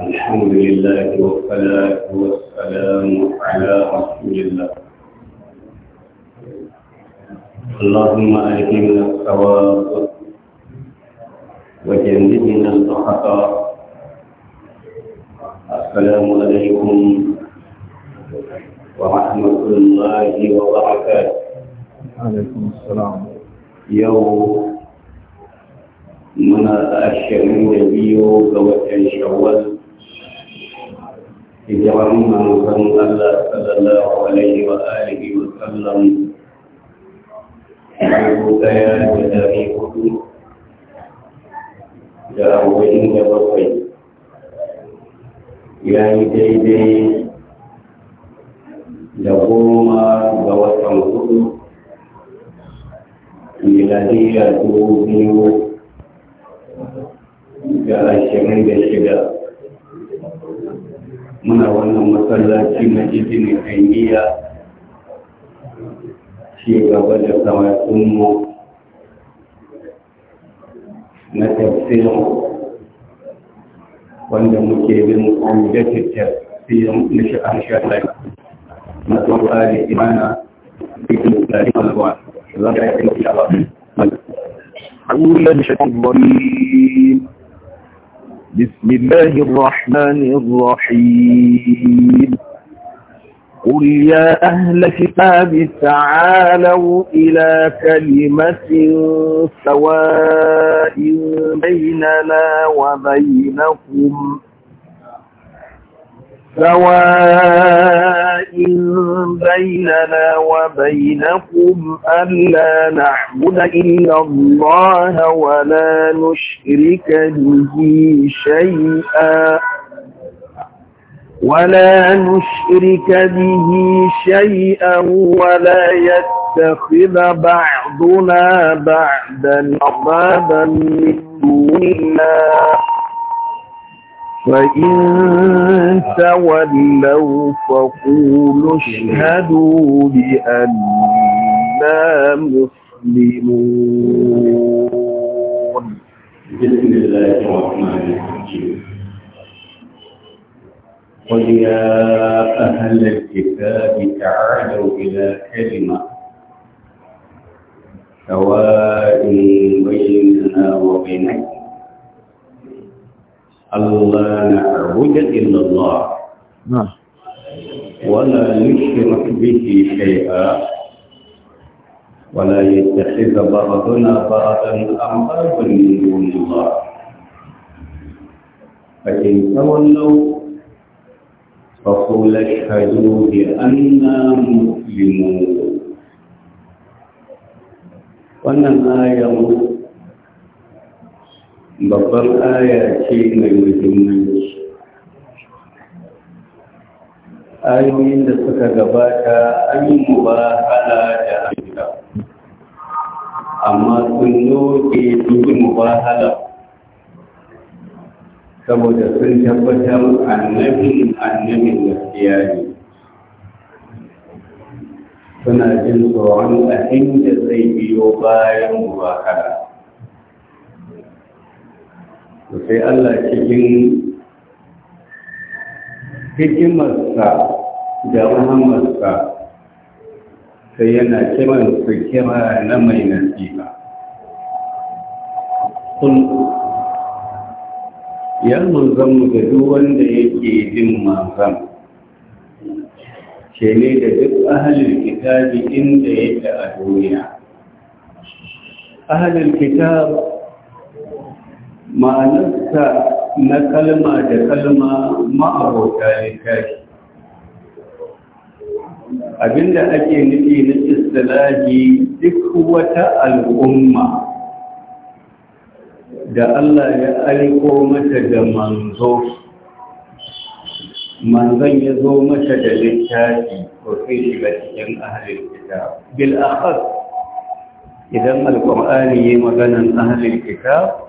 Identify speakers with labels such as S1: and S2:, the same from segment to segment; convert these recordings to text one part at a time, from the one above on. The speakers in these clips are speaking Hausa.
S1: الحمد لله والصلاة والسلام على رسول الله اللهم ألهمنا الصواب وجنبنا الخطأ السلام عليكم ورحمة الله وبركاته عليكم السلام يوم من الشهر النبي وكان شوال يجعل من صلى الله صلى الله عليه وآله وسلم البكاء بدمي حدود da arba'in da bakwai ya yi daidai da goma ga watan hudu miladiyya dubu biyu da ashirin da shida muna wannan matsalaci na izini hanyar ci gaba da karatunmu na tafsirin wanda muke bin ƙungiyar tafsirin na sha'ar sha'ar na tsohuwa da imana cikin tsari malawa za a yi ƙarfi a ba. Allah ya shi بسم الله الرحمن الرحيم قل يا أهل الكتاب تعالوا إلى كلمة سواء بيننا وبينكم سواء بيننا وبينكم ألا نعبد إلا الله ولا نشرك به شيئا ولا نشرك به شيئا ولا يتخذ بعضنا بعدا أربابا من دون الله فإن تولوا فقولوا اشهدوا بأننا مسلمون بسم الله الرحمن الرحيم قل يا أهل الكتاب تعالوا إلى كلمة سواء بيننا وبينكم ألا نعبد إلا الله نعم ولا نشرك به شيئا ولا يتخذ بعضنا بعضا أربابا من دون الله فإن تولوا فقول اشهدوا بأننا مسلمون وأنما آية babbar aya ce mai muhimmanci ayoyin da suka gabata an yi mubahala da amurka amma sun noke dubi mubahala saboda sun tabbatar annabin annabin gaskiya ne suna jin tsoron a inda zai biyo bayan mubahala to sai Allah cikin hikimarsa da rahamarsa sai yana kiran su kira na mai nasiha kun ya mu da duk wanda yake jin manzan ke ne da duk ahalin kitabi inda yake a duniya ahalin kitab ma'anarsa na kalma da kalma ma'abota littafi abinda ake nufi na istilahi duk wata al'umma da Allah ya aiko mata da manzo manzon ya zo mata da littafi ko sai shiga cikin ahalin kitab bil akhas idan alqur'ani ya maganan ahalin kitab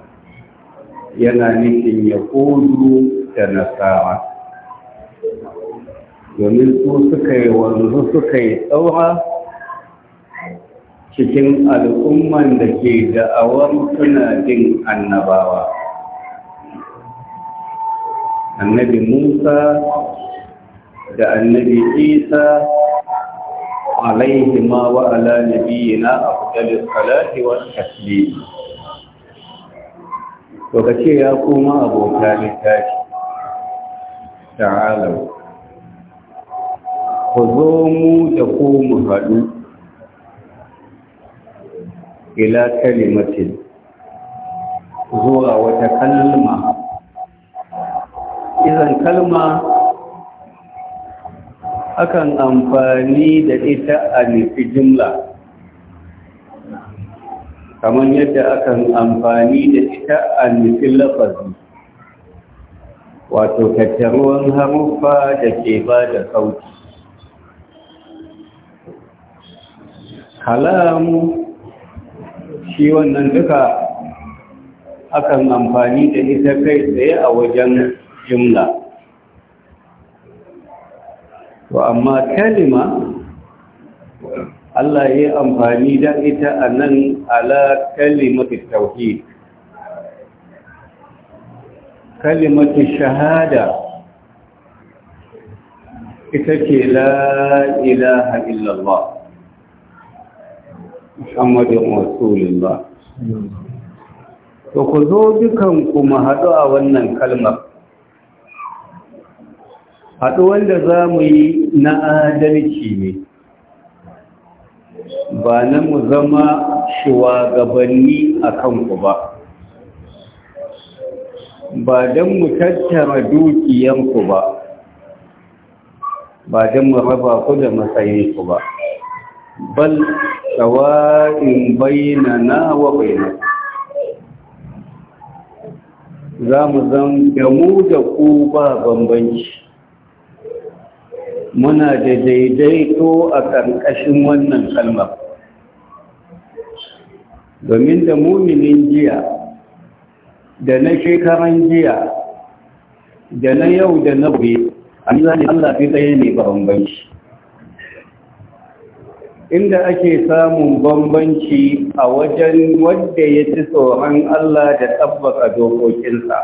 S1: yana nufin yahudu da nasara domin su suka yi wanzu suka yi tsawa cikin al'umman da ke da'awar suna jin annabawa annabi musa da annabi isa alaihima wa ala nabiyina afdalus salati wa taslim to ka ce ya koma abota littafi ta'alau ku zo mu da ku mu haɗu ila kalimatin zuwa wata kalma izan kalma akan amfani da ita a nufi jimla kamar yadda akan amfani da ita a nufin lafazi wato tattaruwan haruffa da ke ba da sauti kalamu shi wannan duka akan amfani da ita kai tsaye a wajen jimla to amma kalima Allah ya yi amfani da ita a nan ala kalimatin tauhid kalimatin shahada ita ce la ilaha illallah Muhammadu Rasulullah to ku zo dukan ku mu haɗu a wannan kalmar haɗu wanda za mu yi na adalci ne ba na mu zama shugabanni a kanku ba ba don mu tattara dukiyanku ba ba don mu raba ku da matsayinku ba bal tsawa'in na wa bainana za mu zan da mu da ku ba bambanci muna da daidaito a ƙarƙashin wannan kalmar domin da muminin jiya da na shekaran jiya da na yau da na buɗe, a zane allah fi tsaye ne ba bambanci inda ake samun bambanci a wajen wadda ya ci tsoron allah da tabbaka dokokinsa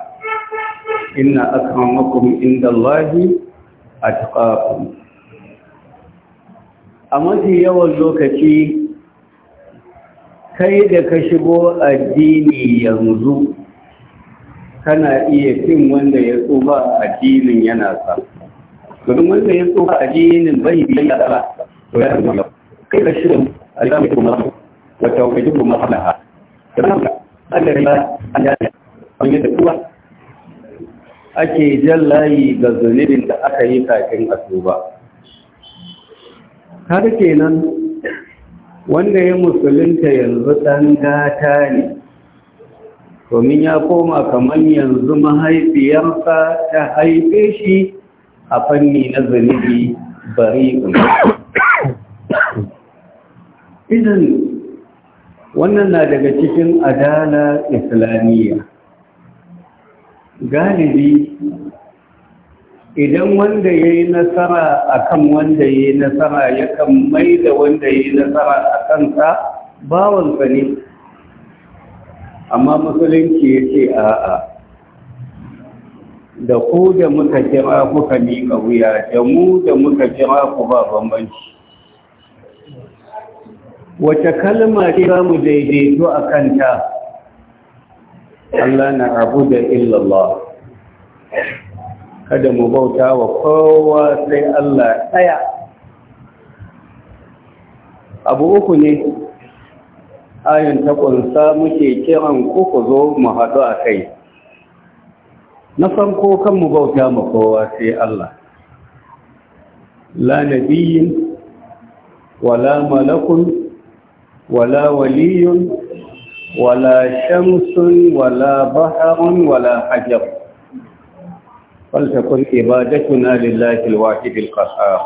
S1: inna akramakum inda allahi a taƙaƙun a mafi yawan lokaci kai da ka shigo addini yanzu kana iya fin wanda ya tsufa addinin yana sa domin wanda ya tsufa addinin bai biya tsara to ya zama kai da shirin alamu kuma wata wani kuma hana ha da nan an da ba, an da kuma yi da kuma? ake jan layi ga zunubin da aka yi kafin a tsufa har kenan wanda ya musulunta yanzu ɗan gata ne domin ya koma kamar yanzu mahaifiyarsa ta haife shi a fanni na zunubi bari idan wannan na daga cikin adala islamiyya galibi idan wanda ya yi nasara a kan wanda ya yi nasara ya kan mai da wanda ya yi nasara a kansa bawansa ne amma musulunci ya ce a'a da ku da muka kira kuka miƙa wuya da mu da muka kira ku ba bambanci wace kalma ce za mu daidaito a kanta Allah na abu da illallah kada mu bauta wa kowa sai Allah ɗaya abu uku ne ayin ƙunsa muke kiran ku zo mu haɗu a kai na farko kan mu bauta ma kowa sai Allah la nabiyin wala malakun wala waliyun wala shamsun wala baharun wala hajjab فلتكن عبادتنا لله الواحد القهار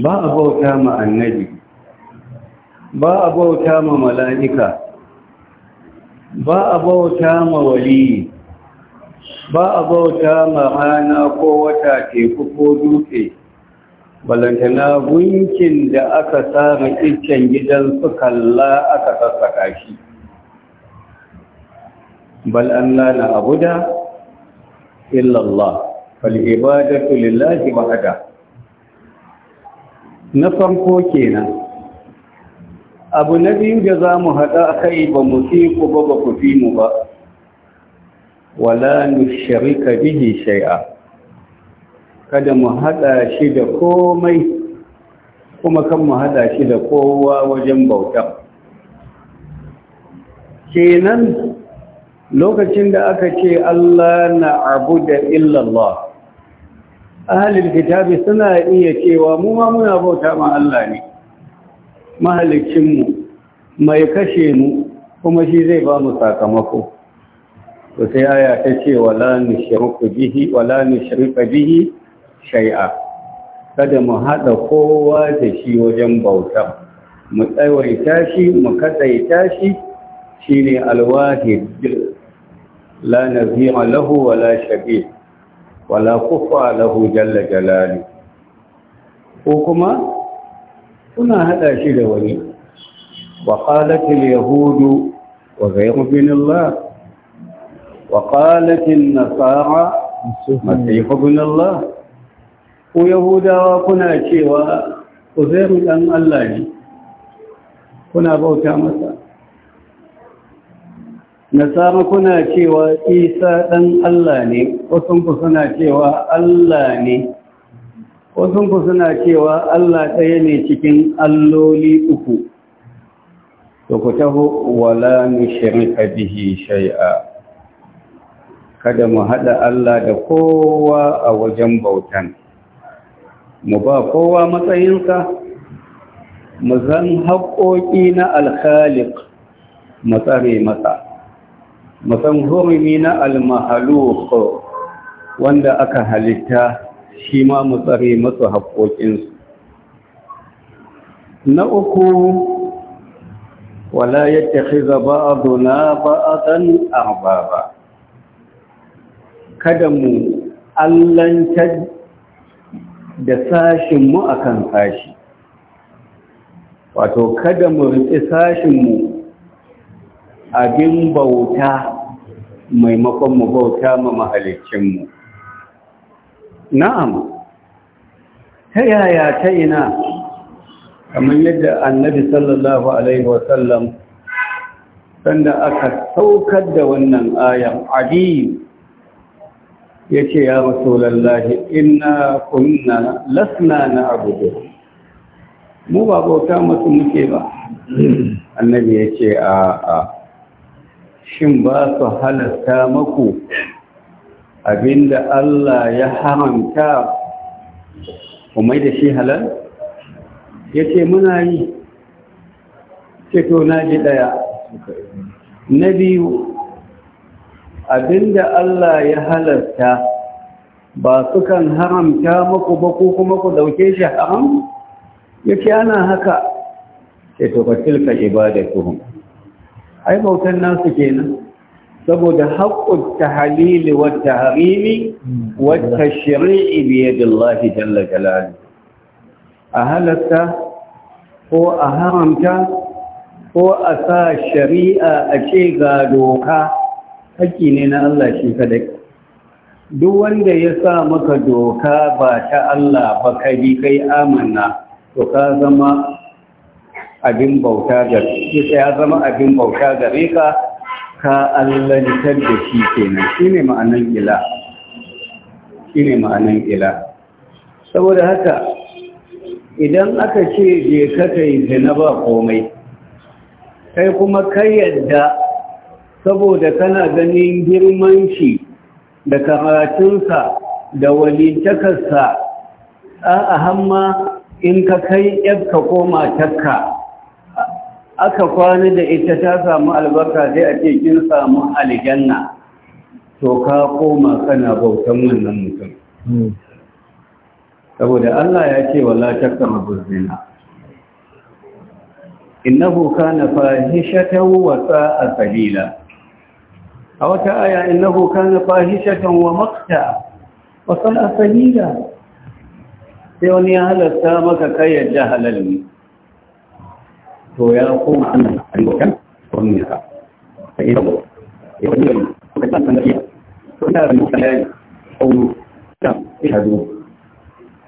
S1: ba a bauta ma annabi ba a bauta ma mala'ika ba a bauta ma waliyi ba a bauta ma hana ko wata teku ko dutse balantana gunkin da aka samu iccen gidan su kalla aka sassaka shi bal Allah na abuda illallah fal'ibadatu lillahi wahada na farko kenan abu na biyu da za mu haɗa kai ba mu fi ku ba ba ku fi mu ba wala nushrika bihi shay'a kada mu haɗa shi da komai kuma kan mu haɗa shi da kowa wajen bauta kenan lokacin da aka ce Allah na abu da illallah ahalin kitabi suna iya cewa mu ma muna bauta ma Allah ne mahalicinmu mai kashe mu kuma shi zai ba mu sakamako to sai aya ta ce wala nushriku bihi wala nushrika bihi shay'a kada mu hada kowa da shi wajen bauta mu tsawaita shi mu kadaita shi shine alwahid لا نزيع له ولا شبيه ولا كفء له جل جلاله وكما كنا هذا شيء وني وقالت اليهود وغير من الله وقالت النصارى مسيح ابن الله ويهودا وكنا شيء وغير من الله كنا بوتا مثلا Na samu kuna cewa isa ɗan Allah ne wasunku suna cewa Allah ne wasunku suna cewa Allah ɗaya ne cikin alloli uku to ku taho wala nushrika bihi shai'a. kada mu haɗa Allah da kowa a wajen bautan mu ba kowa matsayinsa mu zan haƙoƙi na alkhaliq mu tsare masa musan hurumi na almahaluk wanda aka halitta shi ma mu tsare masu haƙoƙinsu na uku wala ya tafiza ba'aduna ba'adan kada mu allanta da sashinmu akan sashi wato kada mu riƙi sashinmu abin bauta maimakon mu bauta ma mahalicinmu na'am ta yaya ta ina kamar yadda annabi sallallahu alaihi wasallam sanda aka saukar da wannan ayan adi ya ce ya rasulallahi inna kunna lasna na abudu mu ba bauta masu muke ba annabi ya ce a a shin ba su halatta maku abinda Allah ya haramta kuma da shi halal ya ce muna yi to na ji ɗaya na biyu abinda Allah ya halatta ba sukan haramta maku ba ko kuma ku dauke shi haram Yace ana haka ce to ba tilka ibadatuhum ai bautan nasu kenan saboda haqqut tahlili wa tahrimi wa tashri'i bi yadillahi jalla jalali a halatta ko a haramta ko a sa shari'a a ce ga doka haƙƙi ne na Allah shi kadai duk wanda ya sa maka doka ba ta Allah ba kai bi kai amanna to ka zama abin bauta gare ya zama abin bauta gare ka ka allantar da shi kenan shine ma'anan ila shine ma'anan ila saboda haka idan aka ce je ka kai zina ba komai kai kuma kai yadda saboda kana ganin girman shi da karatunsa da walintakarsa a ahamma in ka kai yadda koma takka aka kwana da ita ta samu albarka sai a ce kin samu aljanna to ka koma kana bautan wannan mutum saboda Allah ya ce wala takama buzina innahu kana fahishatan wa sa'a sabila a wata aya innahu kana fahishatan wa maqta wa sa'a sabila sai wani ya halatta maka kai yadda halal to ya koma Allah a ribokan wani nisa ta iya sabo ya wani yau suka ta san iya to ina da mutane ya yi ƙauru ta shahadu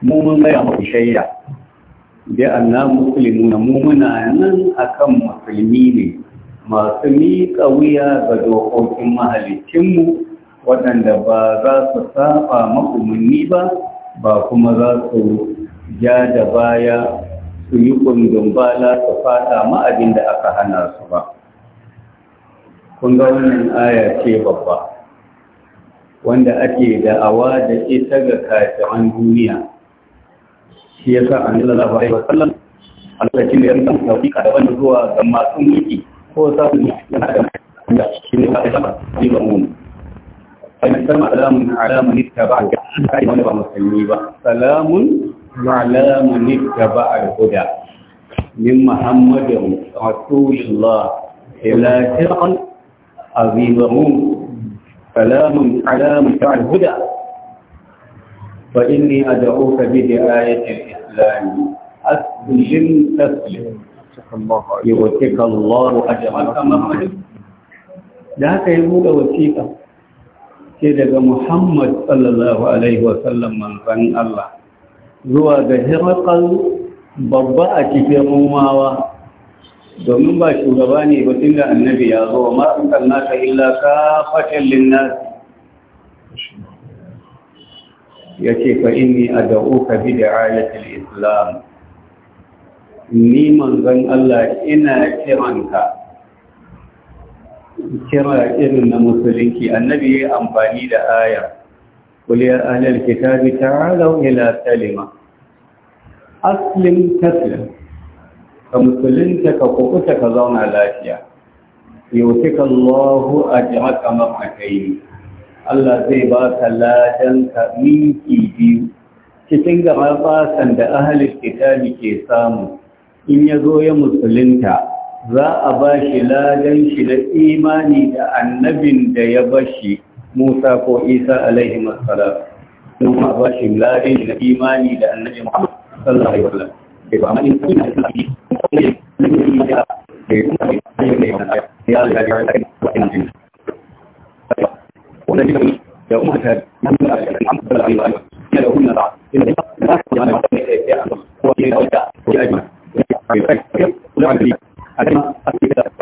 S1: mu mun gaya shayya. shaida bi anna na mu muna nan akan musulmi ne masu miƙa wuya ga dokokin mahalicinmu waɗanda ba za su saba makumanni ba ba kuma za su ja da baya su yi kundin bala su fada ma abin da aka hana su ba kun ga wannan aya ce babba wanda ake da'awa da ita ga kashewan duniya shi ya sa an sallallahu alaihi wasallam a lokacin da ya rika tawfika da wannan zuwa ga masu mulki ko samun yana da da shi ne ba ta yi ba mu ai salamun alamun alamun taba'a kai wanda ba musulmi ba salamun على من اتبع الهدى من محمد رسول الله إلى سرعا عظيم سلام على متاع الهدى فإني أدعوك بدعاية الإسلام أسلم تسلم يؤتك الله أجرك مغفرة ذاك يقول وثيقة سيدنا محمد صلى الله عليه وسلم من فن الله zuwa ga hirƙan babba a cikin rumawa domin ba shugaba ne ba tun da annabi ya zo ma an naka illa ka fatan linnas ya ce fa inni ad'uka bi ayatul islam ni manzon Allah ina kiranka kira irin na musulunci annabi ya yi amfani da ayar قل يا أهل الكتاب تعالوا إلى lafiya. أسلم تسلم فمسلمتك وقوتك زون لافيا يوتك الله أجرك مرتين Allah zai ba ka ladanka minki biyu cikin fasan da ahalin kitabi ke samu in ya zo ya musulunta za a ba shi ladan shi da imani da annabin da ya bashi موسى كو عيسى عليهما السلام ثم ابشر لا دين الايمان الى النبي محمد صلى الله عليه وسلم كيف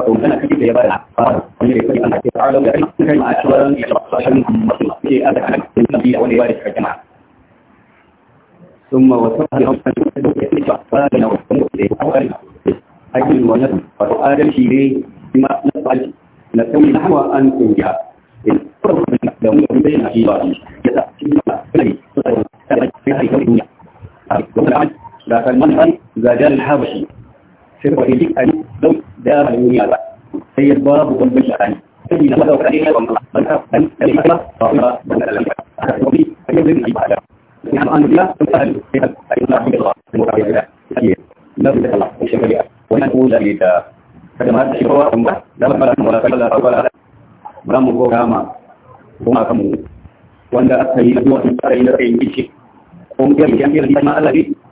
S1: فكان في يبان قال ان تعالوا يعني كما اشار يتقاشن مطلق في ادعك النبي والوارث الجماعه ثم وصف ربنا فانا وصفنا أجل ونسل فسؤال شيري بما نسأل نسوي نحو أن تنجح الفرق من لهم بين عبادي يسأل بلي سأل سأل سأل سأل سأل سأل سأل سأل سأل سأل سأل shirka da shi a don da ba yi ba sai ya babu a sha'ani sai na wada wani ya wannan ban ka dan da ba ba ba ba da lafiya a wani sai zai yi ba da ya an biya sai ka yi sai ka yi lafiya da mu ka yi da shi na da Allah shi ne wannan ko da ne da kada ma shi kowa kuma da ba da mu da Allah Allah ba mu go kama kuma kamu wanda aka yi zuwa tsare da kai yake ko ga yake da Allah ne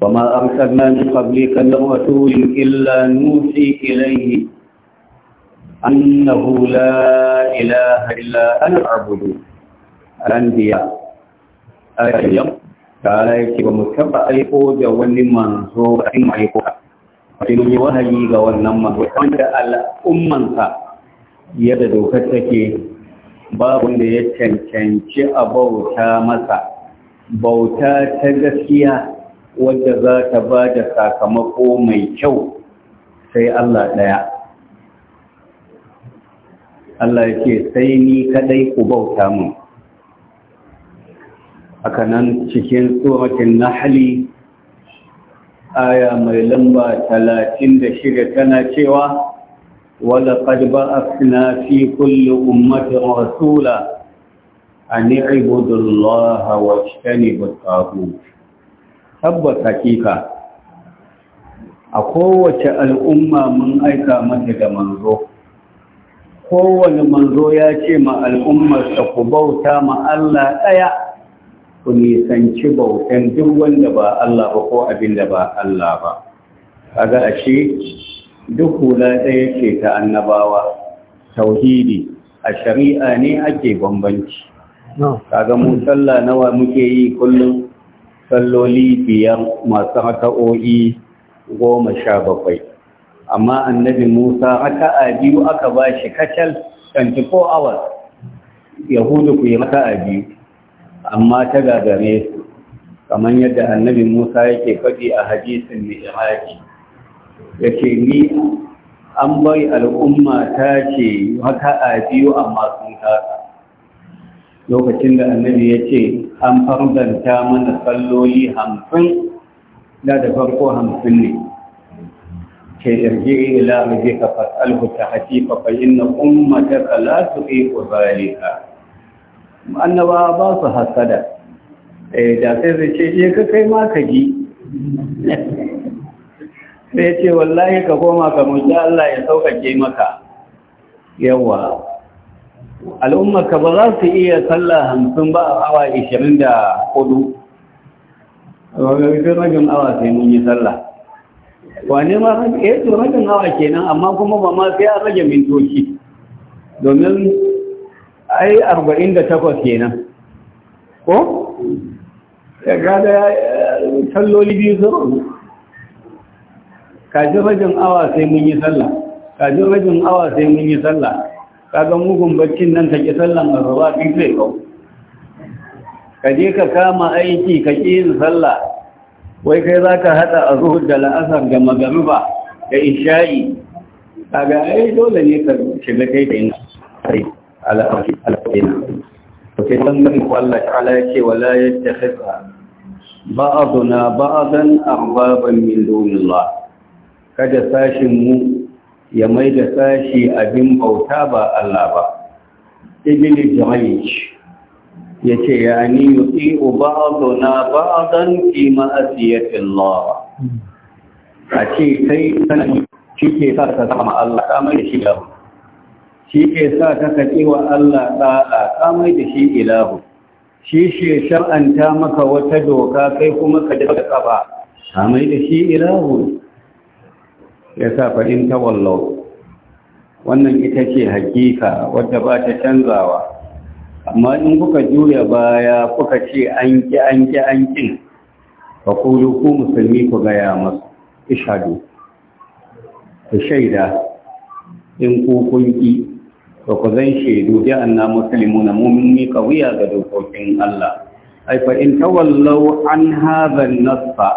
S1: وما أرسلنا من قبلك من إلا نوحي إليه أنه لا إله إلا أنا أعبد الأنبياء أيام تعالى يكتب مكبا أيقو جواني منصور أين أيقو فإن يوهي جواني منصور على أمانك يبدو كتكي باب ليتن يتشنشنش أبوتا مسا بوتا تجسيا Wanda za ta ba da sakamako mai kyau sai Allah ɗaya. Allah ya ce sai ni kaɗai ku bauta mun. Haka nan cikin tsoratin nahali aya mai lamba talatin da shida tana cewa ولقد fi في ummatin rasula, رسولا أن اعبدوا الله واجتنبوا الطاغوت tabbas hakika a kowace al'umma mun aika mata da manzo kowane manzo ya ce ma al'ummarsa ku bauta ma Allah ɗaya ku nisanci bautan duk wanda ba Allah ba ko abin da ba Allah ba kaga ashe duk hula ɗaya ce ta annabawa tauhidi a shari'a ne ake bambanci kaga mu sallah nawa muke yi kullum salloli biyar masu raka'o'i goma sha bakwai amma annabi musa raka'a biyu aka ba shi kacal 24 hours yahudu ku yi raka'a biyu amma ta gagare su kamar yadda annabi musa yake faɗi a hadisin ya ce ni an bai al'umma ta ce raka'a biyu amma sun kasa lokacin da annabi ya ce an fardanta mana salloli hamsin da da farko hamsin ne ke irji ila rabi ka fas'alhu ta hatifa fa inna ummataka la tuqiqu ka annaba ba su hasada eh da sai zai ce je ka kai ma ka ji sai ce wallahi ka koma ka muji Allah ya sauƙaƙe maka Yawwa. al'ummar ka ba za su iya sallah hamsin ba a awa ishirin da hudu ragin ragin awa sai mun yi sallah wane ma ya yi eh, ragin awa kenan amma kuma ba ma sai a rage mintoci domin ai arba'in da takwas kenan ko? ya gada ya eh, biyu zuru kajin ragin awa sai mun yi kajin ragin awa sai mun yi sallah kaga mugun baccin nan ka ƙi sallan arraba duk zai kau ka je ka kama aiki ka ƙi yin sallah wai kai za ka haɗa a da la'asar da magariba da isha'i kaga ai dole ne ka shiga kai da ina sai ala'afi ala'ina to sai bangaren ko Allah ta'ala ya ce wala yattakhidha ba'duna ba'dan arbaban min dunillah kada sashin mu ya mai da sashi abin bauta ba Allah ba ibn jami'j ya ce ya ni yuti ba'duna ba'dan fi ma'asiyati Allah a ce kai sanin shi ke sa ka sama Allah ka mai da shi ilahu shi ke sa ka kaƙi wa Allah ɗa'a ka mai da shi ilahu shi ke shar'anta maka wata doka kai kuma ka daga da ka mai da shi ilahu ya sa ta tawallau wannan ita ce hakika wadda ba ta canzawa amma in kuka juya baya kuka ce an ƙi an ƙi an ƙi ba ku ku musulmi ku gaya masu ishadu ku shaida in ku kun ƙi ba ku zan shaidu ya anna musulmi na mummi kawiya ga dokokin Allah ai fa in tawallau an haɗa nasa nasfa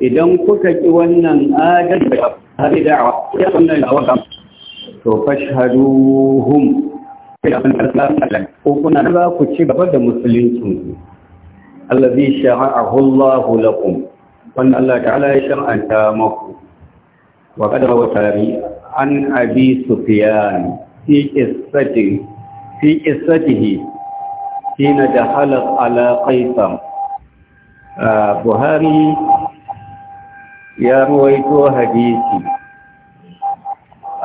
S1: idan kuka ƙi wannan adalci هذه دعوة يصلنا إلى وطن فاشهدوهم وكنا نباكو تشبه دا مسلمين الذي شرعه الله لكم وأن الله تعالى شرع أن تامكم وقد روى عن أبي سفيان في قصته في قصته حين دخل على قيصر آه بهاري ya ruwaito hadisi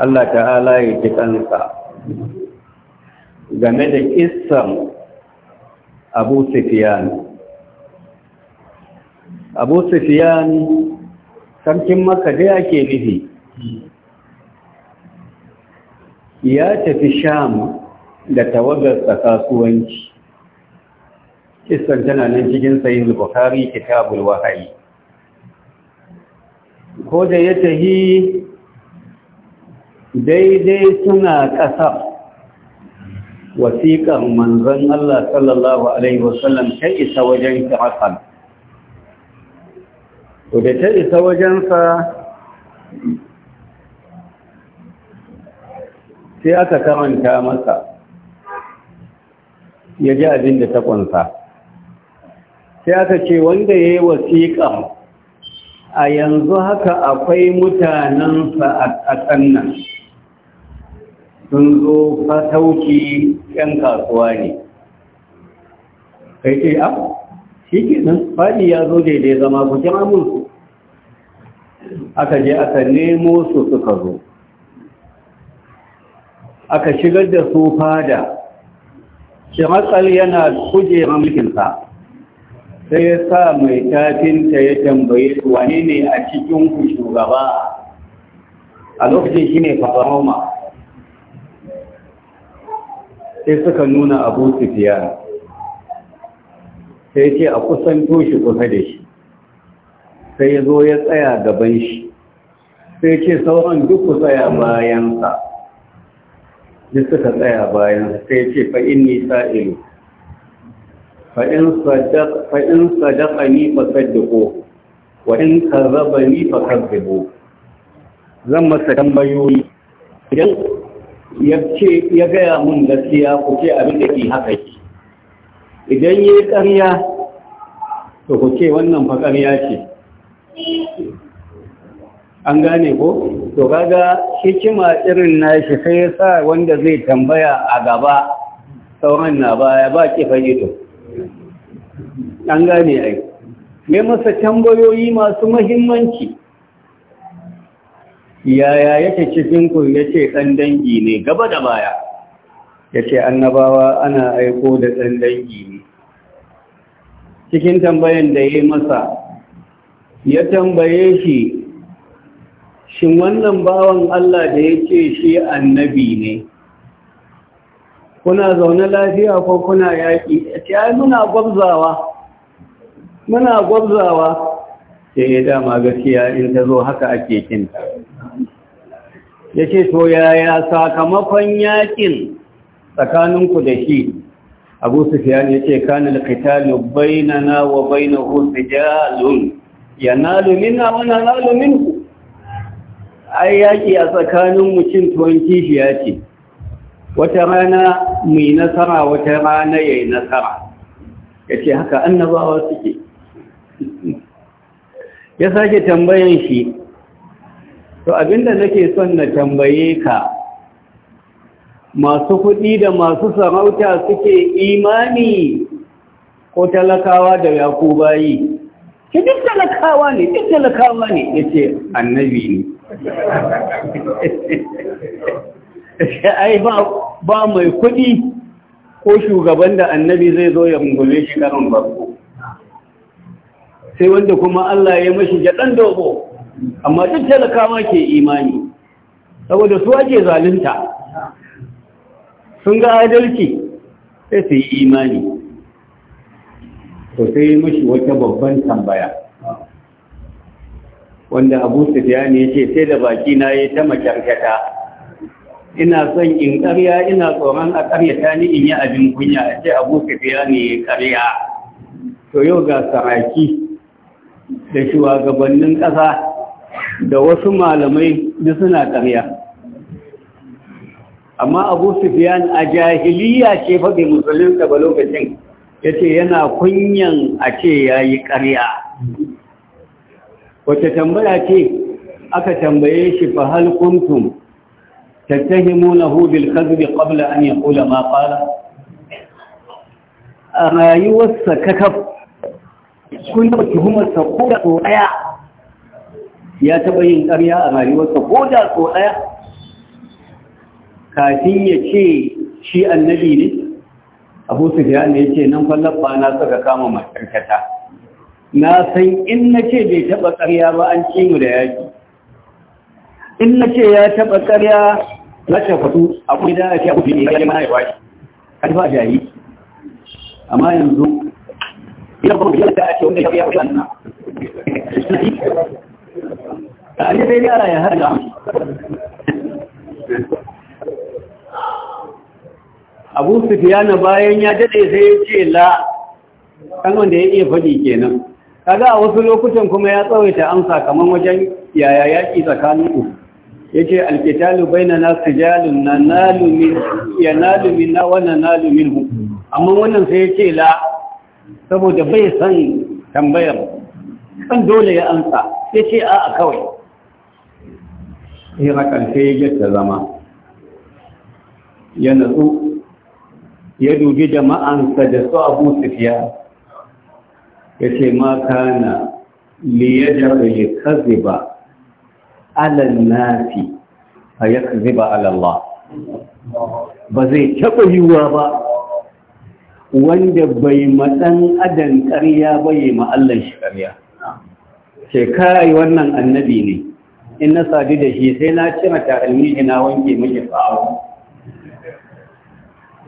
S1: Allah ta'ala ya ji kansa game da kissan Abu Sufyan Abu Sufyan sarkin maka ake nufi ya tafi Sham da tawagarsa kasuwanci kissan tana nan cikin sayin bukari kitabul wahayi ko da ya tahi daidai suna ƙasa wasiƙar manzan Allah sallallahu Alaihi wasallam ta isa wajen Fir'aun. Ko da ta isa wajensa sai aka karanta masa ya ji abin da ta ƙunsa. Sai aka ce wanda ya yi wasiƙar a yanzu haka akwai mutanensa a ƙasan nan sun zo fatauki ‘yan kasuwa ne kai ce a ah, shi ke nan faɗi ya zo daidai zama ku kira musu aka je aka nemo su suka zo aka shigar da su fada shi matsal yana kujerar mulkinsa sai ya sa mai tafinta ya tambaye su wane ne a cikin ku shugaba a lokacin shi ne fafaroma sai suka nuna abu fiya sai ce a kusan toshi kusa da shi sai ya zo ya tsaya gaban shi sai ce sauran duk ku tsaya bayansa duk suka tsaya bayansa sai ce fa'in nisa ilu فإن صدق فإن صدقني فصدقوه وإن كذبني فكذبوه zan masa tambayoyi idan ya gaya mun gaskiya ku ce abin da ke haka ke idan ya yi ƙarya to ku ce wannan fa ƙarya ce an gane ko to kaga hikima irin nashi sai ya sa wanda zai tambaya a gaba sauran na baya ba ki fahimta an gane ai ne masa tambayoyi masu mahimmanci yaya yake cikinku ya ce ɗan dangi ne gaba da baya ya ce annabawa ana aiko da ɗan dangi ne cikin tambayan da ya masa ya tambaye shi shin wannan bawan Allah da ya ce shi annabi ne kuna zaune lafiya ko kuna yaƙi ya muna gwabzawa muna gwabzawa sai eh, ya dama gaskiya in ta zo haka ake kinta ya ce to yaya sakamakon yakin tsakaninku da shi abu sufiyan ya ce kanil qitalu bainana wa bainahu sijalun yanalu minna wa nanalu ku. ai yaki a tsakanin mu cin tuwon kishiya ce wata rana mai nasara wata rana yayi nasara yace haka annabawa suke ya sake tambayan shi to abinda nake son na tambaye ka masu kuɗi da masu sarauta suke imani ko talakawa da yakubayi bayi ke duk talakawa ne duk talakawa ne ya ce annabi ne ai ba mai kuɗi ko shugaban da annabi zai zo ya mungule shi karin babu sai wanda kuma Allah ya mashi jaɗan dogo amma duk talakawa ke imani saboda su ake zalunta sun ga adalci sai su yi imani to sai mashi wata babban tambaya wanda abu ne ya ce sai da baki na yi ta makyarkata ina son in karya ina tsoron a karyata ni in yi abin kunya a ce abu ne ya karya to yau ga saraki da shugabannin ƙasa da wasu malamai da suna ƙarya amma abu sufiyan a jahiliya ce faɗi musulunta ba lokacin ya ce yana kunyan a ce ya yi ƙarya wace tambaya ce aka tambaye shi fa hal kuntum tattahimunahu bil kadhibi ƙabla an ƙula ma a rayuwarsa kakaf kun taɓa tuhumarsa ko da so ɗaya ya taɓa yin ƙarya a rayuwarsa ko da so ɗaya kafin ya ce shi annabi ne abu su da ya ce nan fallabba na suka kama matarkata na san in na ce bai taɓa ƙarya ba an ce mu da yaƙi in na ce ya taɓa ƙarya na ce fatu kuma da ce abu ne ya yi mana ya washe ƙarfa jari amma yanzu yadda ya ya abu sufiyana bayan ya dade sai ya ce la kan wanda ya iya faɗi kenan kaga a wasu lokutan kuma ya tsawaita amsa kamar wajen yaya yaƙi tsakanin ku yace alqitalu bainana sijalun nanalu min yanalu minna wa nanalu minhu amma wannan sai ya ce la saboda bai san tambayar kan dole ya amsa, sai ce a kawai hira ya yadda zama ya nazu ya dubi jama'ansa da su abu sufiya ya ce ka na liyajar ya kazi ba alal nafi a ya kazi ba alallah ba zai taɓa yiwuwa ba wanda bai matsan adan ƙarya bai yi ma'allan shi ƙarya Ke kai wannan annabi ne in na sadu da shi sai na cire ta'almi ina na wanke miki fa'awa.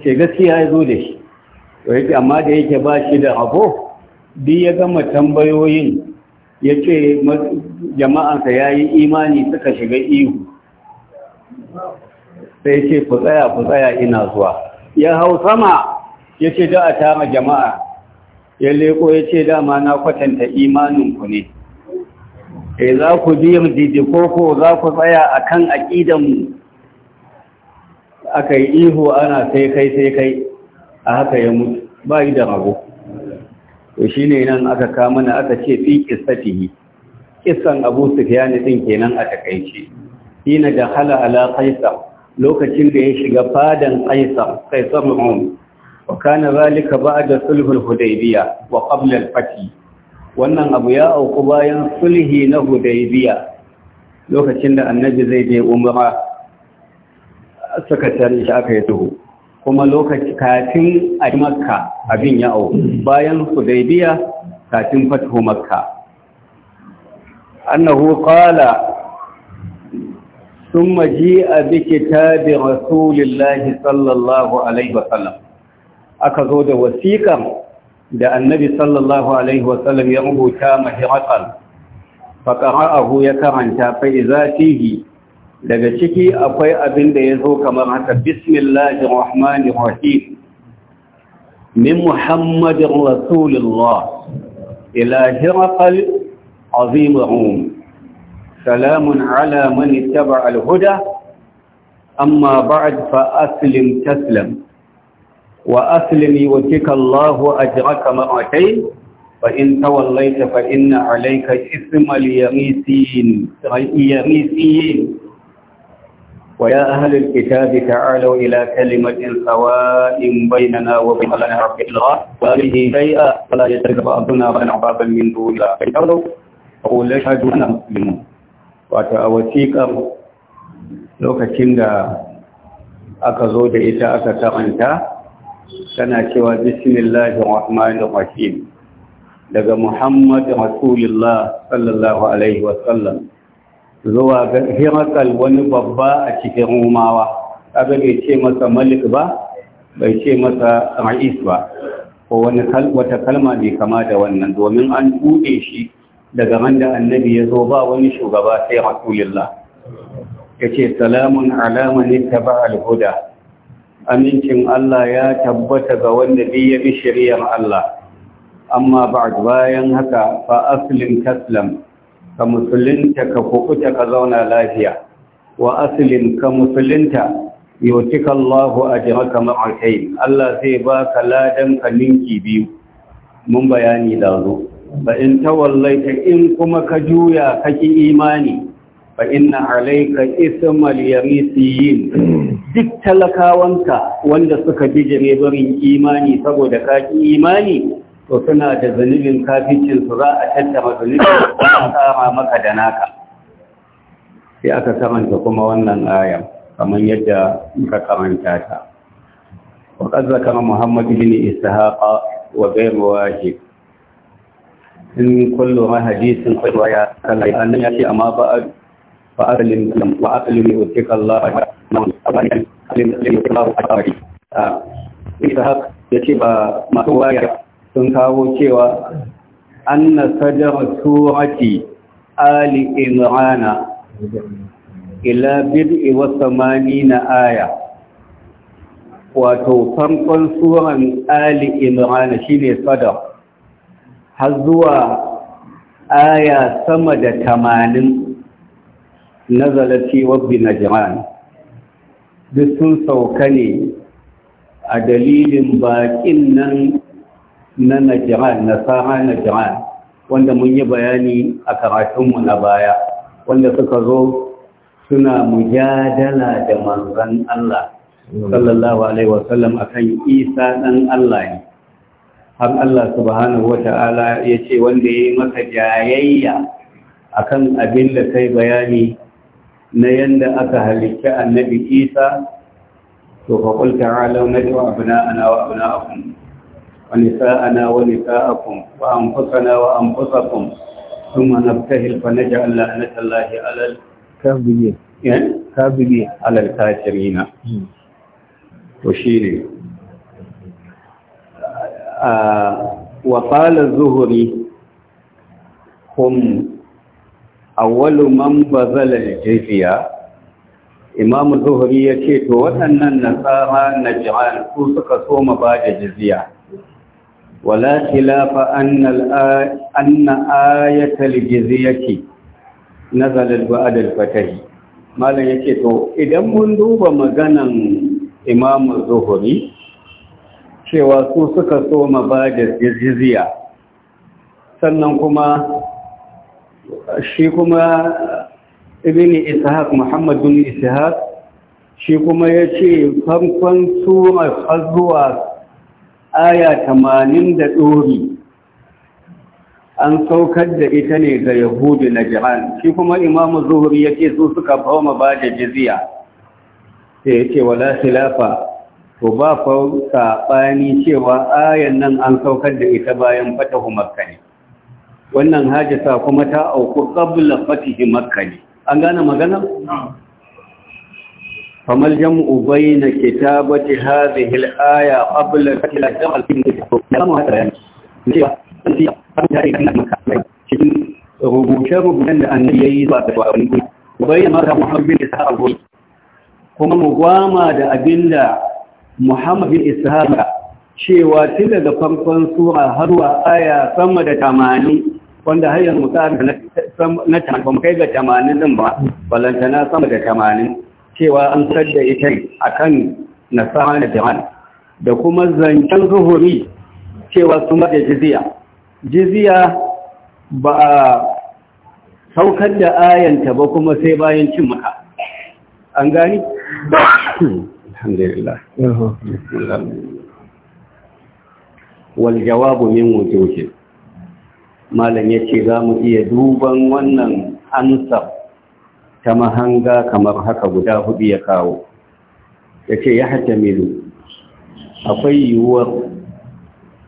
S1: Ke gaskiya ya zo da shi amma da yake ba shi da abu? duk ya gama tambayoyin ya ce jama'ansa ya yi imani suka shiga ihu sai ce ku tsaya ina zuwa ya hau sama ya ce da a tama jama'a ya leko ya ce dama na kwatanta imaninku ne e za ku biyan didikoko za ku tsaya a kan aƙidanmu aka yi ihu ana sai kai sai kai a haka ya mutu ba yi da rago to shi ne nan aka kama na aka ce fi ƙistatihi ƙistan abu sufiyani ɗin kenan a takaice na da hala ala kaisar lokacin da ya shiga fadan kaisar kaisar mahimmanci وكان ذلك بعد صلح الحديبية وقبل Fati? wannan abu ya auku bayan sulhi na hudaybiya lokacin da annabi zai je umra suka tare shi aka yi tuhu kuma lokaci kafin a makka abin ya auku bayan hudaybiya kafin fathu makka annahu qala ثم جيء بكتاب رسول الله صلى الله عليه وسلم aka zo da wasiƙar da annabi sallallahu alaihi wasallam ya rubuta mahiratsal faƙara'ahu ya karanta fa'iza fihi daga ciki akwai abin da ya zo kamar haka bismillahir rahmanir rahim min muhammadin rasulullah ila hiraqal azim salamun ala man ittaba al amma ba'd fa aslim taslam وأسلم يؤتك الله أجرك مرتين فإن توليت فإن عليك إثم اليميسين اليميسيين ويا أهل الكتاب تعالوا إلى كلمة سواء بيننا وبين رب الله وبه شيئا فلا يترك بعضنا بعضا عبابا من دون الله فإنه أقول أشهد أنا مسلم وأتأوتيك لو كتند أكزود إتا أكتغنتا tana cewa bismillahir rahmanir rahim daga muhammad rasulullah sallallahu alaihi wasallam zuwa ga hirakal wani babba a cikin rumawa kaga bai ce masa malik ba bai ce masa ra'is ba ko wani wata kalma bai kama da wannan domin an tuɗe shi daga randa annabi ya zo ba wani shugaba sai rasulullah yace salamun ala man ba al-huda amincin Allah ya tabbata ga wanda duk ya bi shari'ar Allah amma ba'd bayan haka fa aslim taslam ka musulunta ka kukuta ka zauna lafiya wa aslim ka musulunta yotika Allahu ajraka ma'atayn Allah zai baka ladan ka ninki biyu mun bayani da zo ba in tawallaita in kuma ka juya kake imani fa inna alayka ismal yarisiyin duk talakawanka wanda suka bijire barin imani saboda ka imani to suna da zanubin kaficin su za a tattama zanubin a kama maka da naka sai aka karanta kuma wannan aya kamar yadda muka karanta ta wa qad zakara muhammad bin ishaq wa ghayr wahid in kullu ma hadithin qad wa ya kallai annabi amma ba فأسلم وأسلم يؤتك الله Ishaq ya ce ba masu waya sun kawo cewa an na sajar Ali Imrana ila bid'i wa na aya wato farkon suran Ali Imrana shine sadar har zuwa aya sama da tamanin nazalati wabbi najran duk sun sauka ne a dalilin baƙin nan na najran na sa'a najran wanda mun yi bayani a karatunmu na baya wanda suka zo suna mujadala da manzan Allah sallallahu alaihi wasallam akan Isa dan Allah ne har Allah subhanahu wata'ala ya ce wanda ya maka jayayya akan abin da kai bayani na yanda aka halicci annabi isa to faƙul ta'ala na ji wa abina ana wa abina akun wa nisa'ana wa nisa'akun wa anfusana wa anfusakun sun ma naftahil fa na ji Allah na tallahi alal kabiri alal kashirina to shi ne wa ƙalar zuhuri hum awwalu man bazala jizya imam zuhri yace to waɗannan nasara naj'al su suka soma ba da jizya wala khilafa anna anna ayatal jizyati nazalat ba'da al malam yace to idan mun duba maganan imam zuhri cewa su suka soma ba da jizya sannan kuma shi kuma ibn ishaq muhammad bin ishaq shi kuma ya ce farkon sura har aya tamanin da ɗori an saukar da ita ne ga yahudu na jiran shi kuma imamu zuhuri ya ce su suka fama ba da jiziya sai ya ce wala khilafa ko ba fa saɓani cewa ayan nan an saukar da ita bayan fata makka ne wannan hajjata kuma ta auku qabla fatihi makka ne an gane magana famar jam'u bayna na ke ta bace qabla fatihi al-jamal da makka muhammad abinda muhammad bin ishaq cewa tun daga farkon sura har wa aya sama da tamanin. wanda har yanzu ta na tamanin ba kai ga tamanin din ba balantana sama da tamanin cewa an sadda ita a kan nasara da jama'a da kuma zancen zuhuri cewa sun ba da jiziya jiziya ba a saukar da ayanta ba kuma sai bayan cin maka an gani? alhamdulillah uh-huh. wal jawabu min wujuhin malam ya ce za mu iya duban wannan ansa ta mahanga kamar haka guda hudu ya kawo ya ce ya milu akwai yiwuwar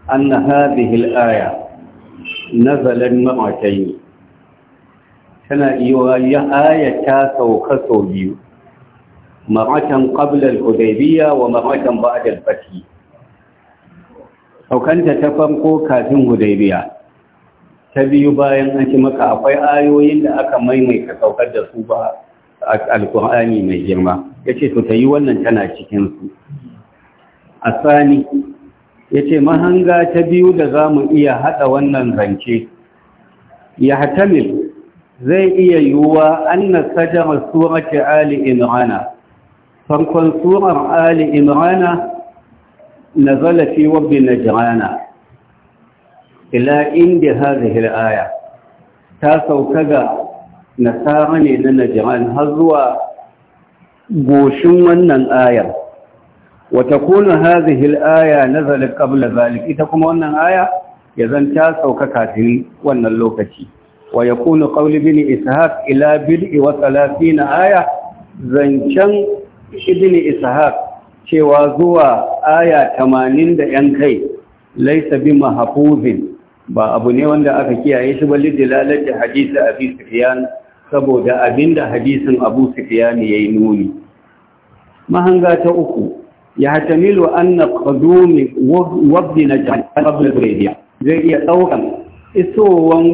S1: an na hil'aya na zalen ma'atai tana iya ya aya ta sauka sau biyu ma'atan ƙablar Hudaibiya wa ma'atan ba'adar al saukanta ta farko kafin Hudaibiya. ta biyu bayan an ci maka akwai ayoyin da aka maimaita saukar da su ba alkur'ani mai girma ya ce to ta yi wannan tana cikinsu a sani ya ce mahanga ta biyu da za mu iya haɗa wannan zance ya hatamil zai iya yiwuwa an na sajama surati ali imrana farkon surar ali imrana na zalafi wabbi na jirana ila inda hadhihi al-aya ta sauka ga nasara ne na najran har zuwa goshin wannan ayar wa takunu hadhihi al-aya nazalat qabla zalika ita kuma wannan aya ya ta sauka kafin wannan lokaci wa kuna qawli bin ishaq ila bid'i wa 30 aya zancan ibn ishaq cewa zuwa aya 80 da yan kai laysa mahfuzin ba abu ne wanda aka kiyaye shi ba lidilalar da hadisi fi sufiyan saboda abinda hadisin abu sufiyan ya yi nuni mahanga ta uku ya hatamilu anna qadumi wabdi na jami'ar Radio zai iya ɗaukan isowar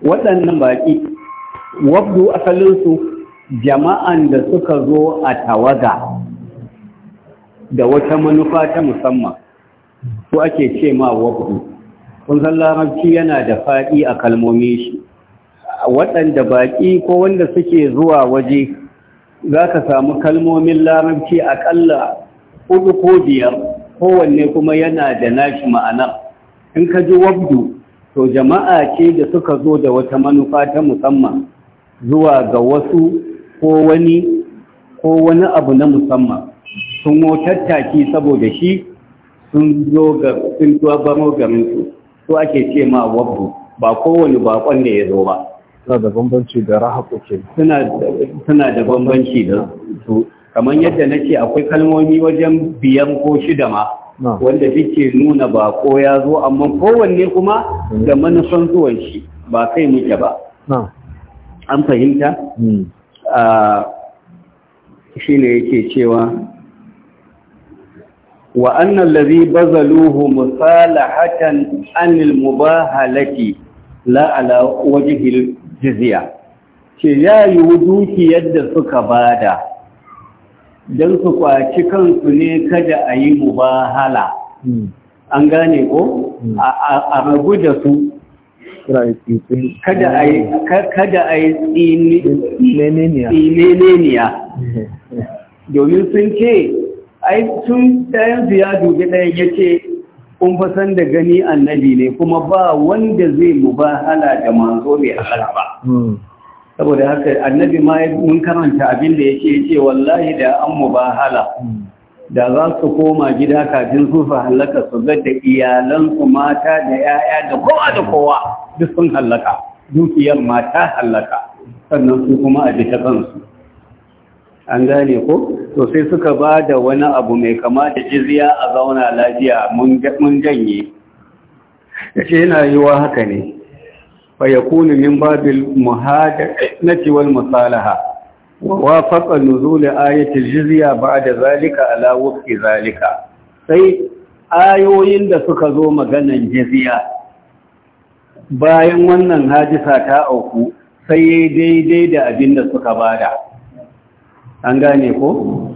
S1: waɗannan baƙi wabdu asalinsu jama'an da suka zo a tawaga da wata manufa ta musamman ko ake ce ma wabdu kun san larabci yana da faɗi a kalmomi shi waɗanda baƙi ko wanda suke zuwa waje za ka samu kalmomin larabci aƙalla hudu ko biyar kowanne kuma yana da nashi ma'ana in ka ji wabdu to jama'a ce da suka zo da wata manufa ta musamman zuwa ga wasu ko wani ko wani abu na musamman sun tattaki saboda shi sun zo ga sun garinsu su ake ce ma wabbu ba kowane bakon ne ya zo ba suna da bambanci da rahaku ke suna da bambanci da su kamar yadda na ce akwai kalmomi wajen biyan ko shida ma wanda suke nuna bako ya zo amma kowanne kuma da manufan zuwan shi ba kai muke ba an fahimta hmm. ah, shi ne yake cewa wa annal ladhi bazaluhu musalahatan anil mubahalati la ala wajhi jizya ce yayi wuduki yadda suka bada dan su kwaci kansu ne kada a yi mubahala an gane ko hmm. a ragu da su kada a yi tsineniya domin sun ce ai tun ɗayan ya dubi ɗayan ya ce kun fasan da gani annabi ne kuma ba wanda zai mubahala da manzo mai halala ba hmm. saboda haka annabi ma mun karanta abin da yake ce wallahi da an mubahala hmm. da za su koma gida kafin su fa halaka su ga da iyalansu mata da 'ya'ya da kowa da kowa duk sun halaka dukiyar mata halaka sannan su kuma a ji kansu an gane ko to sai suka ba da wani abu mai kama da jiziya a zauna lafiya mun janye ya ce yana yi wa haka ne fa ya kuni min babil muhadarati musalaha wa wafaqa ayyukan jiziya ba da zalika ala wufqi zalika sai ayoyin da suka zo maganan jiziya. bayan wannan hadisa ta auku sai daidai da abin da suka bada an gane ko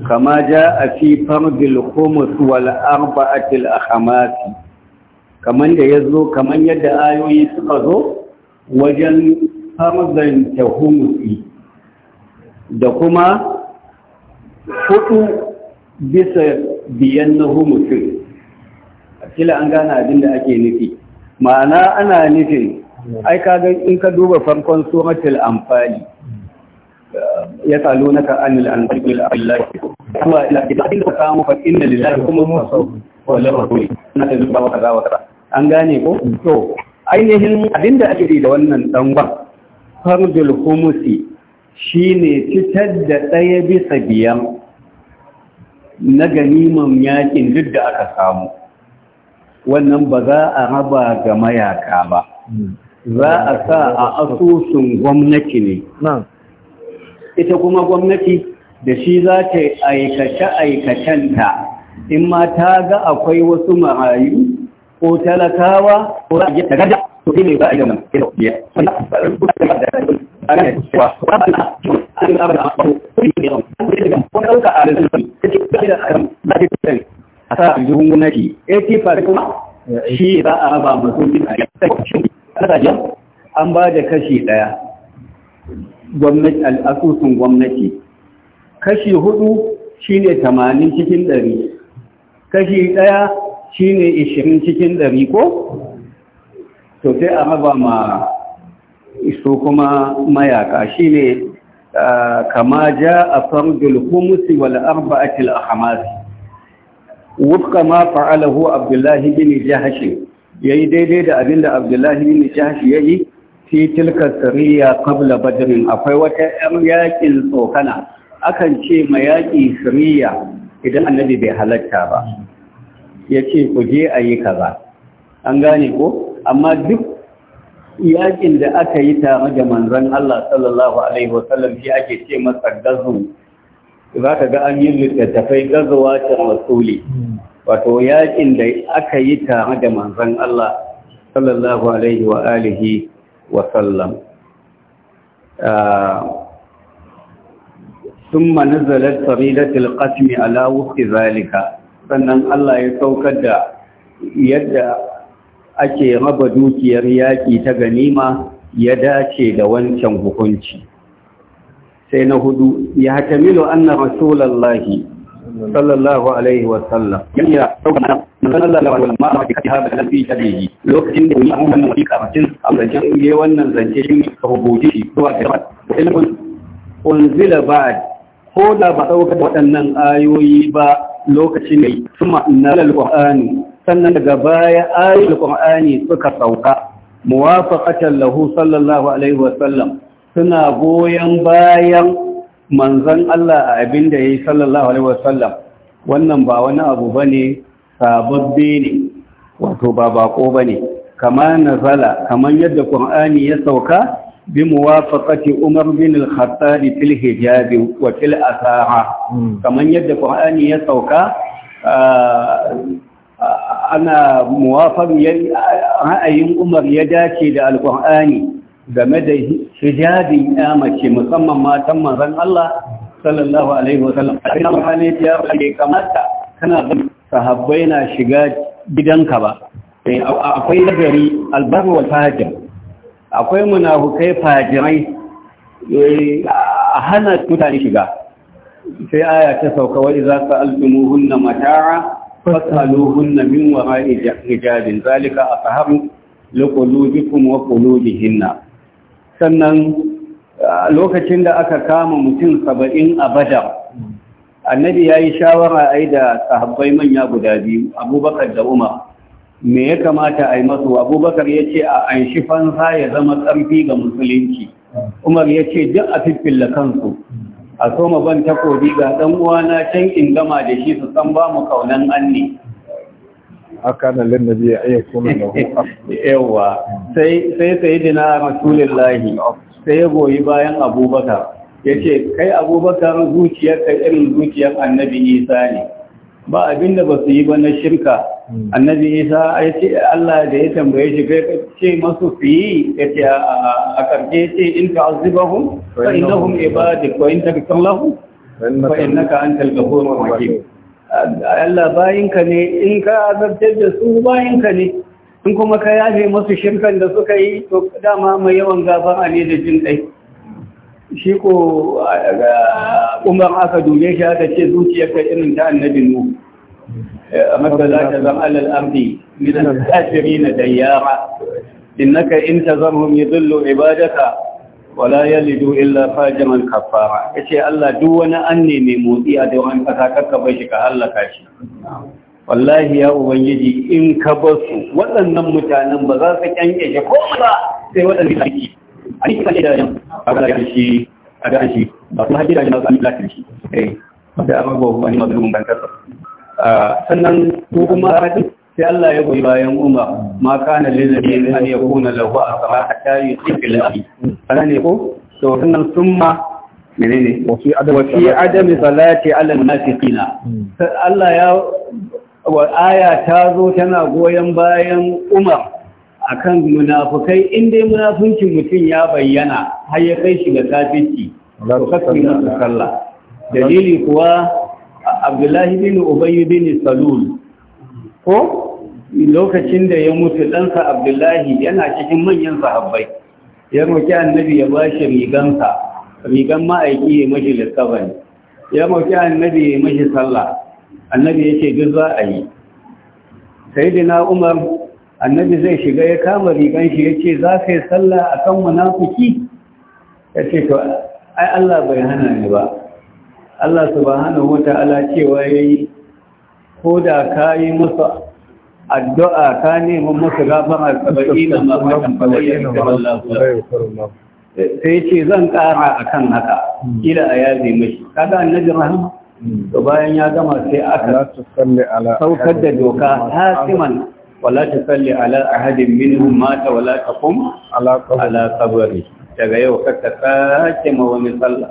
S1: kama ja a fi fardil khumus wal arba'atil akhamati kaman da yazo kaman yadda ayoyi suka zo wajen farzan tahumusi da kuma hudu bisa biyan na humusin kila an gane abin da ake nufi ma'ana ana nufin ai kaga in ka duba farkon suratul amfani. Ya يسألونك عن الأنبياء لله كما إلى إذا قاموا فإن لله هم المصر والرسول نتذكر وكذا وكذا an gane ko to ainihin abinda ake da wannan dangwa farjul humusi shine fitar da ɗaya bisa biyan na ganiman yakin duk da aka samu wannan ba za a raba ga mayaka ba za a sa a asusun gwamnati ne ita kuma gwamnati da shi za ta aikace-aikacenta in ma ta ga akwai wasu marayu ko talakawa ko za a yi tagada ba a yi a shi za a raba masu jin a yi an ba kashi ɗaya. gwamnati al'asusun gwamnati kashi hudu shine tamanin cikin ɗari kashi ɗaya shine ishirin cikin ɗari ko to sai a raba ma iso kuma mayaka shine kama ja a fardul humusi wal arba'atil hamasi wufka ma fa'alahu abdullahi bin Ya yayi daidai da abinda abdullahi bin ya yayi fi tilka siriya kabla badrin akwai wata yan yakin tsokana akan ce ma yaki siriya idan annabi bai halatta ba yace ku je ayi kaza an gane ko amma duk yakin da aka yi tare da manzon Allah sallallahu alaihi wasallam shi ake ce masa gazu za ka ga an yi littattafai gazuwa ta rasuli wato yakin da aka yi tare da manzon Allah sallallahu alaihi wa alihi وسلم آه ثم نزلت kasmi القسم على وفق ذلك sannan Allah ya saukar da yadda ake raba dukiyar yaƙi ta ganima ya dace da wancan hukunci sai na hudu ya hatamilu anna rasulallahi sallallahu alaihi wa sallam ya dauka nan sallallahu alaihi wa sallam ma ka hada da fi shadihi lokacin da yi wannan wasiƙa bacin abincin yayin wannan zance shi ka rubuce shi ko zuwa ga ilmun unzila ba'd ko da ba dauka waɗannan ayoyi ba lokacin da yi. kuma annal qur'ani sannan daga baya ayoyin qur'ani suka sauka muwafaqatan lahu sallallahu alaihi wa sallam suna goyen bayan manzan Allah a abin da ya yi sallallahu alaihi wasallam wannan ba wani abu ba ne sababbe ne wato ba bako ba ne kama nazala kamar yadda ƙur'ani ya sauka bi muwafaqati umar bin al-khattab fil hijab wa fil asaha hmm. kamar yadda ƙur'ani ya sauka ana muwafaq ra'ayin umar ya dace da al-qur'ani game da hijabi ya mace musamman matan manzon Allah sallallahu alaihi wasallam a cikin hali ya rage kamata kana da sahabbai na shiga gidanka ba eh, akwai albar wa fajir akwai munafukai fajirai eh, a hana mutane shiga sai aya ta sauka wa idza sa'altumuhunna mata'a fas'aluhunna min wara'i hijabin zalika atharu liqulubikum wa qulubihinna sannan lokacin da aka kama mutum saba'in a badar annabi ya yi shawara a yi da sahabbai manya guda biyu abubakar da umar me ya kamata a yi masu abubakar ya ce a an shi fansa ya zama ƙarfi ga musulunci umar ya ce duk a fiffilla kansu a soma ban takobi ga ɗan uwana can in gama da shi su san ba mu kaunan anne akana lin nabi ya yakuna hu yawa sai sai sayyidina rasulullahi sai goyi bayan abubakar yace kai abubakar zuciyarka irin zuciyar annabi isa ne ba abin da ba su yi ba na shirka annabi isa ya ce Allah da ya tambaye shi kai ce masu fi ya ce a karshe ce in ka azibahum fa innahum ibadik wa in takfir lahum fa innaka antal ghafurur rahim Allah bayinka ne in ka azabtar da su bayinka ne in kuma ka yafe masu shirkan da suka yi to dama mai yawan a ne da jin ɗai. shi ko umar aka dube shi aka ce zuciyarka irin ta annabi mu maka za ta zama alal ardi min al-kafirin dayyara innaka in tazamhum yudillu ibadaka wala yalidu illa fajiran kafara yace Allah duk wani anne mai motsi a dawan kasa kakka bar shi ka halaka shi wallahi ya ubangiji in ka bar su waɗannan mutanen ba za su kyanke ko ba sai waɗannan biki Ani cikin kan da jan a ga shi a ga shi ba kuma hajjira jan an lafiya shi eh ba da amma ba wani mazlumin ban kasa ah, sannan ko kuma hadin sai Allah ya goyi bayan Umar ma kana lillahi an yakuna lahu asra hatta yusil abi ana ne ko to wannan summa menene ma. fi adam wa fi adam salati ala munafiqina hmm. Allah ya wa aya ta zo tana goyen bayan Umar akan munafukai inda dai munafincin mutum ya bayyana har ya kai shi ga kafirci to kafi sallah dalili kuwa Abdullahi bin Ubay bin Salul ko lokacin da ya mutu ɗansa abdullahi yana cikin manyan sahabbai ya roƙi annabi ya ba shi rigansa rigan ma'aiki ya mashi lissabani ya roƙi annabi ya mashi sallah annabi ya ce duk za a yi sai na umar annabi zai shiga ya kama rigan shi ya ce za ka yi sallah a kan munafuki ya ce to ai allah bai hana ni ba allah subhanahu wa ta'ala cewa ya yi ko da ka yi musu addu'a ka neman musu gafara saba'i na mafatan falayin sai ce zan ƙara a kan haka ila a yazi mashi kaga annabi rahama to bayan ya gama sai aka saukar da doka hasiman wala ta salli ala ahadin minhum mata wala kum ala kabari. daga yau kakka sake ma wani sallah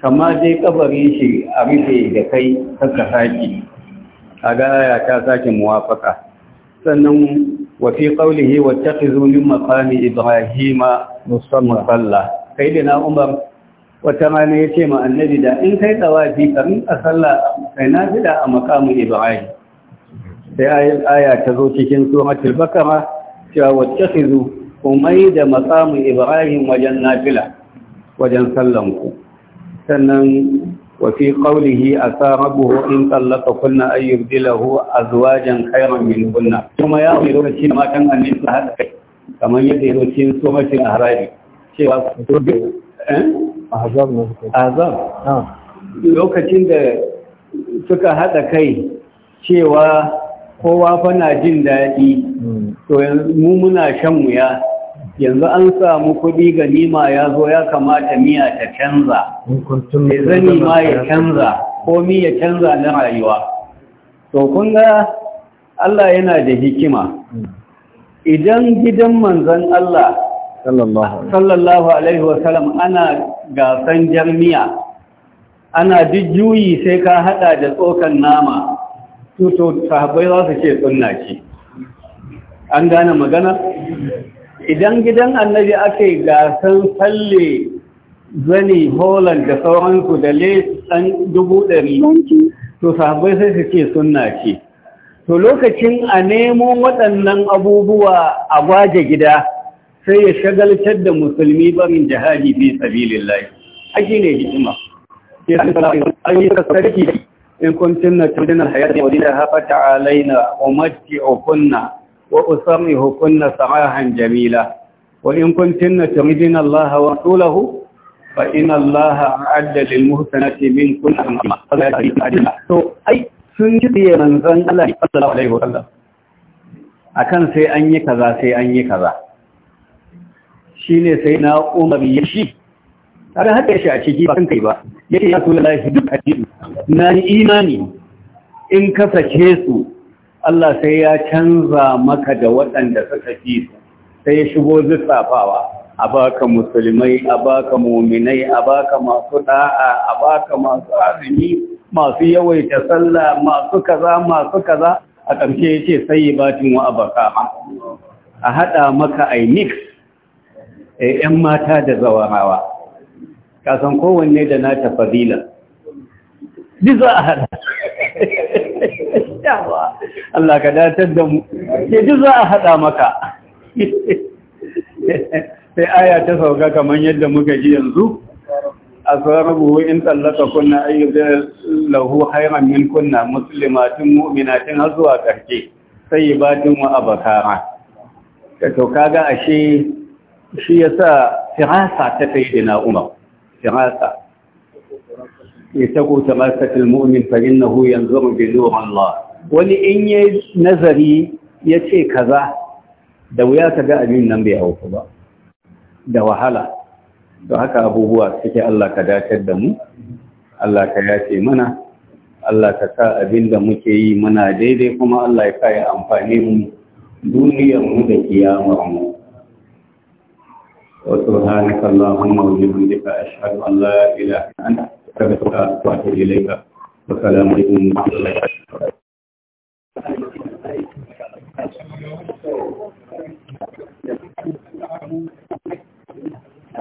S1: kama dai kabari shi a rufe da kai kakka sake kaga aya ta sake muwafaka sannan wa fi qawlihi wattakhidhu min maqami ibrahima musalla kai da na'umar umar wata rana ya yace ma annabi da in kai tsawafi kan a sallah kai na fida a maqamu ibrahim sai aya ta zo cikin suratul bakara cewa wattakhidhu kumai da makamin ibrahim wajen nafila wajen sallanku sannan وفي قوله أتى ربه إن طلق كن أن يبدله أزواجا خيرا منهن ثم يأمر شيء ما كان أن يصلح هذا كما يدير شيء ثم شيء أهرائي شيء أعذاب أعذاب lokacin da suka haɗa kai cewa kowa fana jin daɗi to mu muna shan wuya yanzu an samu kuɗi ganima ya zo ya kamata miya ta canza ya zani ma ya canza komi ya canza na rayuwa to kun ga Allah yana da hikima idan gidan manzan Allah sallallahu alaihi wasallam ana gasan miya, ana jujjuyi sai ka hada da tsokan nama to to sahabbai za su ce tsunna ce an gane magana idan gidan annabi ake gasan falle zane holland da sauransu da lesan dubu ɗari to sahabbai sai su ce sunna ce to lokacin a nemo waɗannan abubuwa a gwaje gida sai ya shagaltar da musulmi barin jihadi fi sabilin layi ake ne hikima in kuntum na tudinar hayar da wadina hafa ta'alaina umarci okunna كن سراحا جميلة وإن كنتن تردن الله ورسوله فإن الله أعد للمحسنات منكن أي sun kiɗe manzan Allah sallallahu alaihi wasallam sai an yi kaza sai an yi shine sai na Umar ya shi haka shi a ciki ba kan kai ba yake ya Rasulullahi duk hadisi na imani in ka sake su Allah sai ya canza maka da waɗanda suka fi su sai ya shigo zuffafawa a baka musulmai a baka muminai a baka masu da'a a baka masu azumi masu yawaita sallah masu kaza masu kaza a ƙarshe yace sayyibatin wa abaka a hada maka ai mix eh yan mata da zawarawa ka san kowanne da nata fadila duk za a hada Allah ka datar da mu ke za a haɗa maka sai aya ta sauka kamar yadda muka ji yanzu a sarrafu in tsallaka kunna ayyuka lahu hairan min kunna muslimatin mu'minatin har zuwa ƙarshe sai batin wa abakara to ga ashe shi sa firasa ta sayyidina umar firasa يتقوا تماسة المؤمن فإنه ينظر بنور Allah. wani in yi nazari ya ce kaza da wuya ka ga abin nan bai auku ba da wahala da haka abubuwa suke Allah ka dacar da mu Allah ka yace mana Allah ka sa abin da muke yi muna daidai kuma Allah ya kayi amfani mu duniyar mu da kiyama mu وسبحانك اللهم وبحمدك اشهد ان لا اله الا انت استغفرك واتوب اليك والسلام عليكم ورحمه الله وبركاته So,